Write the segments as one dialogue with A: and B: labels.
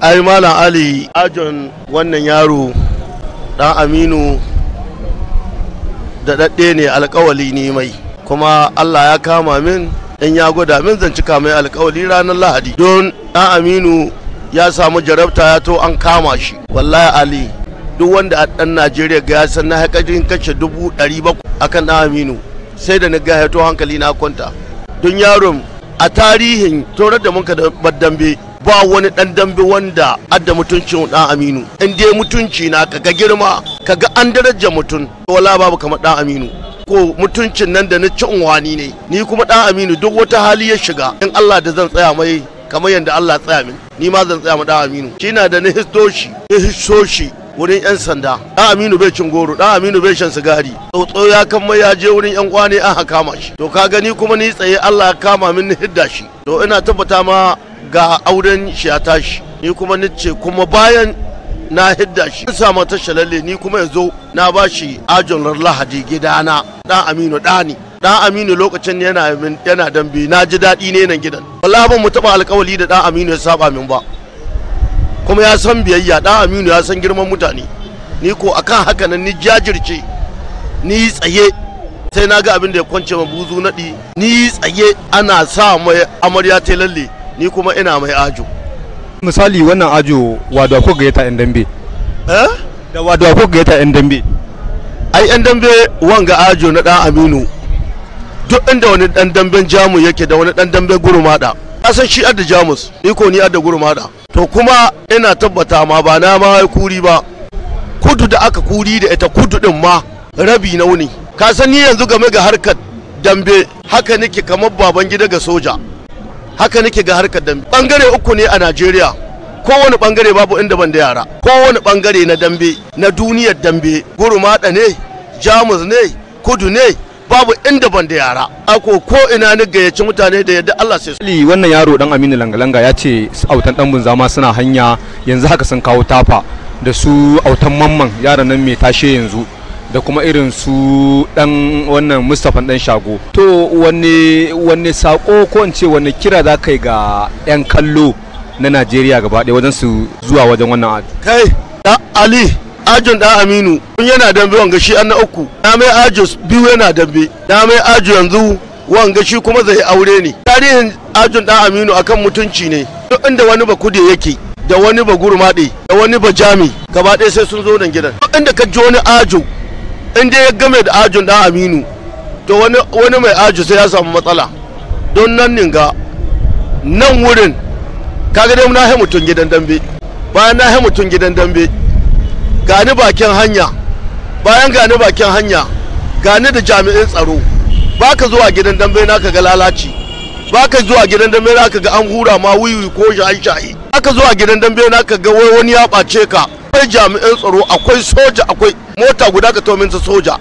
A: ai malam ali ajon wannan yaro dan aminu da daɗe ne alkawali ne mai kuma allah ya kama min in ya gwada min zan cika mai alkawali ranar lahadi don dan aminu ya samu jarabta ya to an kama shi wallahi ali duk wanda a ɗan najeriya ga ya san na haƙarin kashe dubu ɗari bakwai akan dan aminu sai da na ga to hankali na kwanta don yaron a tarihin turar da muka da dambe ba wani dan dambe wanda adda mutuncin dan aminu in dai mutunci na kaga girma kaga an daraja mutum wala babu kamar dan aminu ko mutuncin nan da na ci unwani ne ni kuma dan aminu duk wata hali ya shiga in Allah da zan tsaya mai kamar yadda Allah tsaya min ni ma zan tsaya ma dan aminu shi na da na histoshi histoshi wurin 'yan sanda ɗan aminu bai cin goro ɗan aminu bai shan sigari tsotso ya kama ya je wurin 'yan kwane an haka kama shi to ka gani kuma ni tsaye allah ya kama min hidda shi to ina tabbata ma ga auren shi ya tashi ni kuma ni ce kuma bayan na hidda shi sa mata shalalle ni kuma yanzu na ba shi ajon lahadi gidana dan aminu dani dan aminu lokacin ne yana yana dambe na ji daɗi ne nan gidan wallahi ban mu taɓa alƙawali da dan aminu ya saba min ba kuma ya san biyayya dan aminu ya san girman mutane ni ko akan haka nan ni jajirce ni tsaye sai na ga abin da ya kwance ma buzu naɗi ni tsaye ana sa mai amarya ta lalle ni kuma ina mai ajo misali wannan
B: ajo wadawa ko gayyata yan dambe eh da wadawa ko gayyata yan dambe
A: ai yan dambe wanga ajo na dan aminu duk inda wani dan damben jamus yake da wani dan damben gurumada san shi adda jamus ni ko ni adda gurumada to kuma ina tabbata ma ba na ma kuri ba kudu da aka kuri da ita kudu din ma rabi na wuni ka san ni yanzu game ga harkar dambe haka nake kamar baban gida ga soja haka nake ga harkar dambe bangare uku ne a najeriya kowane bangare babu inda ban da yara kowane bangare na dambe na duniyar dambe gurumada ne jamus ne kudu ne babu inda ban da yara ako ko ina ni
B: gayyaci mutane da yadda Allah sai Ali wannan yaro dan Aminu Langalanga ya ce autan dan bunzama suna hanya yanzu haka sun kawo tafa da su autan mamman yaran nan mai tashe yanzu da kuma irin su dan wannan mustapha dan shago to wanne wanne sako ko in ce wanne kira za kai ga yan kallo na najeriya gaba ɗaya wajen su zuwa wajen wannan aji
A: kai ali ajin da aminu yana dambe wanga shi an na uku Na mai ajo biyu yana dambe Na mai ajo yanzu wanga shi kuma zai aure ne tarihin ajin da aminu akan mutunci ne duk inda wani ba bakude yake da wani ba gurmaɗe da wani ba jami gaba ɗaya sai sun zo nan gidan duk inda ka ji wani ajo in dai ya game da ajin dan aminu to wani mai aji sai ya samu matsala don nan ga, nan wurin kaga dai na mutum gidan dambe bayan na mutum gidan dambe gani bakin hanya bayan gani bakin hanya gani da jami'in tsaro baka zuwa gidan dambe naka ga lalaci baka zuwa gidan dambe naka ga an hura ma wiwi ko shaye-shaye baka zuwa gidan dambe naka ga wani ya ɓace ka akwai jami'in tsaro akwai soja akwai mota guda ka min ta soja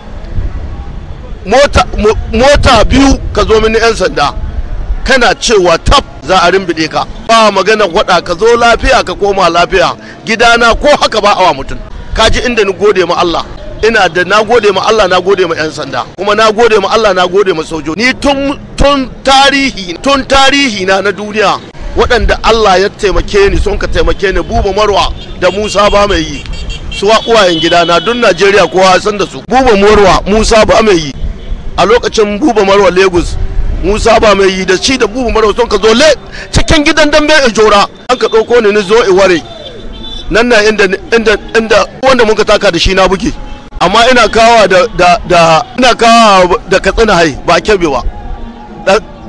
A: mota biyu ka zo mini 'yan sanda kana cewa tab za a rimbide ka ba magana wada ka zo lafiya ka koma lafiya gidana ko haka ba awa mutum ka ji inda ni gode ma Allah ina da na gode ma Allah na gode ma 'yan sanda kuma na gode ma Allah na gode ma sojoji ni tun tun tarihi tun tarihi na na duniya waɗanda Allah ya taimake ni sun ka taimake ni buba marwa da Musa ba mai yi suwa uwayen gida na don najeriya kowa san da su buba morwa musa ba mai yi a lokacin buba marwa lagos musa ba mai yi da shi da buba marwa sun ka zo le cikin gidan dambe a jora an ka ɗauko ni ni zo in ware nan na inda inda inda wanda muka taka da shi na buge amma ina kawa da da da ina kawa da katsina hai ba kebe ba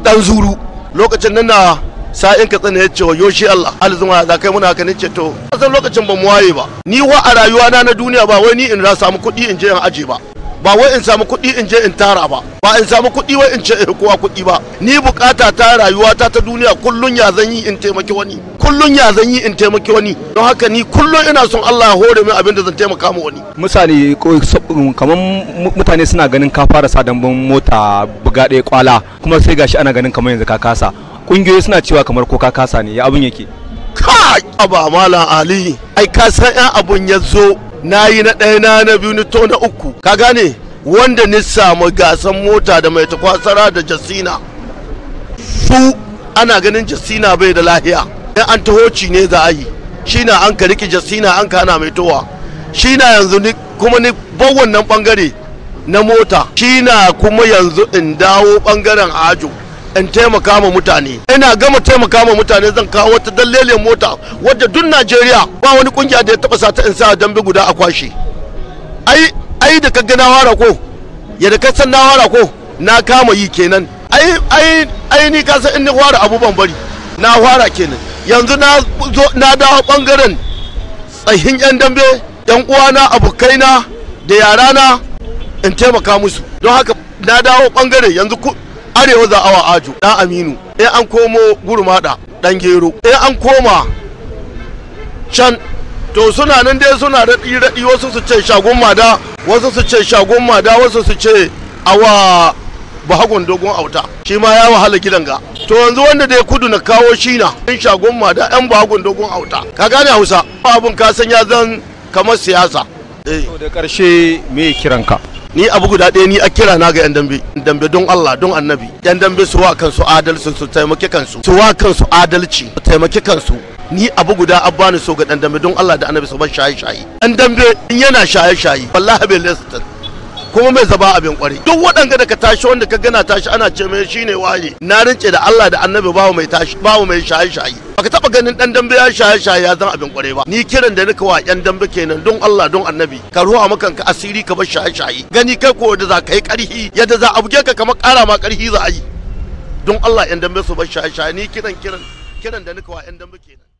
A: dan zuru lokacin nan na sa'in ka tsane ya ce wa yoshi Allah alzuma za kai muna haka nace to san lokacin ba mu waye ba ni wa a rayuwa na na duniya ba wai ni in za samu kuɗi in je in aje ba ba wai in samu kuɗi in je in tara ba ba in samu kuɗi wai in ce in kowa kuɗi ba ni bukata ta rayuwa ta ta duniya kullun ya zan yi in taimaki wani kullun ya zan yi in taimaki wani don haka ni kullun ina son Allah ya hore min abin da zan taimaka ma wani
B: misali ko mm, kamar mutane suna ganin ka fara sa dambun mota buga ɗaya kwala kuma sai gashi ana ganin kamar yanzu ka kasa kungiyoyi suna cewa kamar ko ka kasa ne ya abun yake kai aba malam
A: ali ai ka san yan abun ya zo na yi na ɗaya na na biyu ni to na uku ka gane wanda ni samu gasan mota da mai takwasara da jasina su ana ganin jasina bai da lahiya in an tahoci ne za a yi shi na an ka riki jasina an ka ana mai towa shi na yanzu ni kuma ni bau wannan bangare na mota shi na kuma yanzu in dawo bangaren ajo in taimaka ma mutane ina gama taimaka ma mutane zan kawo wata dalilin mota wadda duk najeriya ba wani kungiya da ya taba sata in sa dambe guda a kwashe ai da kaga na wara ko ya da kasan na wara ko na kama yi kenan ai ai ai ni kasa in ni wara abubuwan bari na wara kenan yanzu na zo na dawo bangaren tsahin yan dambe yan uwana abokaina da yarana in taimaka musu don haka na dawo bangare yanzu arewa za awa aju dan aminu sai an komo gurmada dan gero sai an koma can to suna nan dai suna raɗi raɗi wasu su ce shagon mada wasu su ce shagon mada wasu su ce awa bahagon dogon auta shi ma ya wahala gidan ga to yanzu wanda dai kudu na kawo shi na in shagon mada yan bahagon dogon auta ka gane hausa abun ka san ya zan kamar siyasa eh. da karshe me kiranka ni abu guda ɗaya ni a kira na ga 'yan dambe dambe don Allah don annabi 'yan dambe su wa kansu adalci su taimake kansu su wa kansu adalci su taimake kansu ni abu guda abba bani so ga dan dambe don Allah da annabi su bar shaye shaye dan dambe in yana shaye shaye wallahi bai lissa kuma mai zaba abin kwari duk waɗanda da ka tashi wanda ka gana tashi ana ce mai shine waye na rince da Allah da Annabi babu mai tashi babu mai shaye shaye baka taba ganin dan dambe ya shaye shaye ya zan abin kwari ba ni kiran da nika wa yan dambe kenan don Allah don Annabi ka ruwa makan ka asiri ka bar shaye shaye gani kai ko da za ka yi karhi yadda za a buge ka kamar ƙara ma karhi za a yi don Allah yan dambe su bar shaye shaye ni kiran kiran kiran da nika wa yan dambe kenan